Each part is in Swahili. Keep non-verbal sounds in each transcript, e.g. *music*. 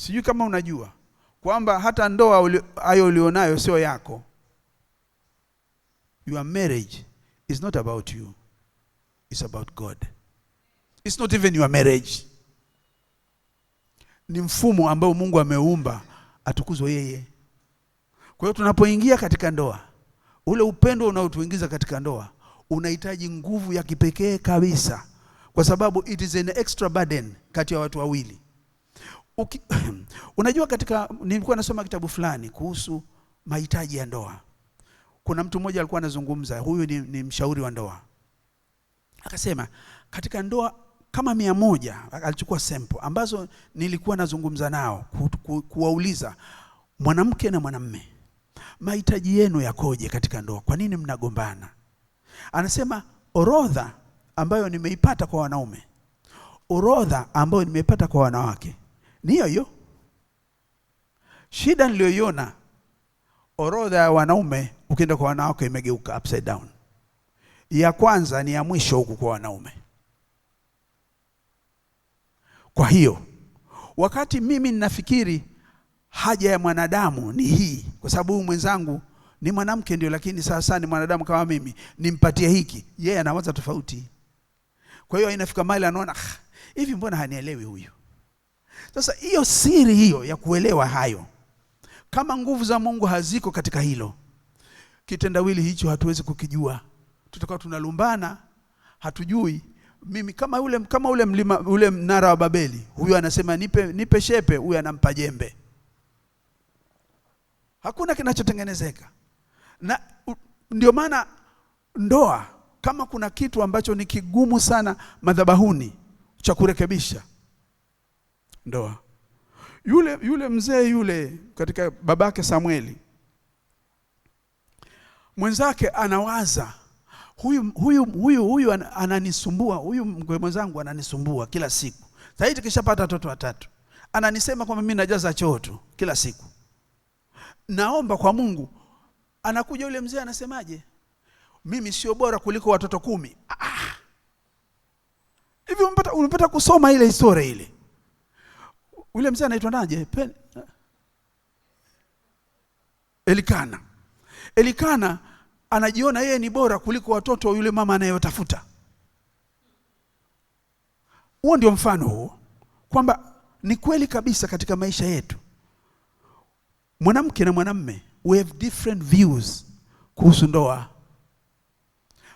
Sijui kama unajua kwamba hata ndoa hayo ulionayo sio yako. Your marriage is not about you. It's about God. It's not even your marriage. Ni mfumo ambao Mungu ameumba atukuzwe yeye. Kwa hiyo tunapoingia katika ndoa, ule upendo unaotuingiza katika ndoa unahitaji nguvu ya kipekee kabisa, kwa sababu it is an extra burden kati ya watu wawili. Uki, *clears throat* unajua katika nilikuwa nasoma kitabu fulani kuhusu mahitaji ya ndoa. Kuna mtu mmoja alikuwa anazungumza, huyu ni, ni mshauri wa ndoa, akasema katika ndoa kama mia moja alichukua sample ambazo nilikuwa nazungumza nao ku, ku, kuwauliza mwanamke na mwanamme, mahitaji yenu yakoje katika ndoa? Kwa nini mnagombana? Anasema orodha ambayo nimeipata kwa wanaume, orodha ambayo nimeipata kwa wanawake ni hiyo hiyo. Shida niliyoiona, orodha ya wanaume ukienda kwa wanawake imegeuka upside down. Ya kwanza ni ya mwisho huku kwa wanaume. Kwa hiyo wakati mimi ninafikiri haja ya mwanadamu ni hii, kwa sababu huyu mwenzangu ni mwanamke ndio, lakini sasa ni mwanadamu kama mimi, nimpatie hiki, yeye yeah, anawaza tofauti. Kwa hiyo inafika mahali anaona ah, hivi, mbona hanielewi huyu sasa hiyo siri hiyo ya kuelewa hayo, kama nguvu za Mungu haziko katika hilo kitendawili hicho, hatuwezi kukijua, tutakuwa tunalumbana, hatujui mimi kama ule, kama ule mlima ule mnara wa Babeli, huyu anasema nipe, nipe shepe, huyu anampa jembe. Hakuna kinachotengenezeka na ndio maana ndoa, kama kuna kitu ambacho ni kigumu sana madhabahuni cha kurekebisha ndoa. Yule yule mzee yule katika babake Samueli, mwenzake anawaza huyu huyu huyu huyu ananisumbua, huyu mkwe mwenzangu ananisumbua kila siku. Sasa tukishapata watoto watatu, ananisema kwamba mimi najaza choo tu kila siku, naomba kwa Mungu. Anakuja yule mzee anasemaje? Mimi sio bora kuliko watoto kumi. Ah, ah. hivi umepata kusoma ile historia ile Ule mzee anaitwa naje? Elikana. Elikana anajiona yeye ni bora kuliko watoto wa yule mama anayotafuta. Huo ndio mfano huo, kwamba ni kweli kabisa katika maisha yetu mwanamke na mwanamme we have different views kuhusu ndoa.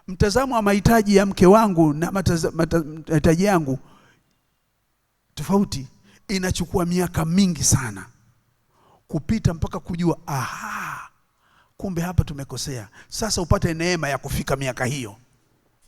Mtazamo wa mahitaji ya mke wangu na mahitaji yangu tofauti inachukua miaka mingi sana kupita mpaka kujua aha, kumbe hapa tumekosea. Sasa upate neema ya kufika miaka hiyo.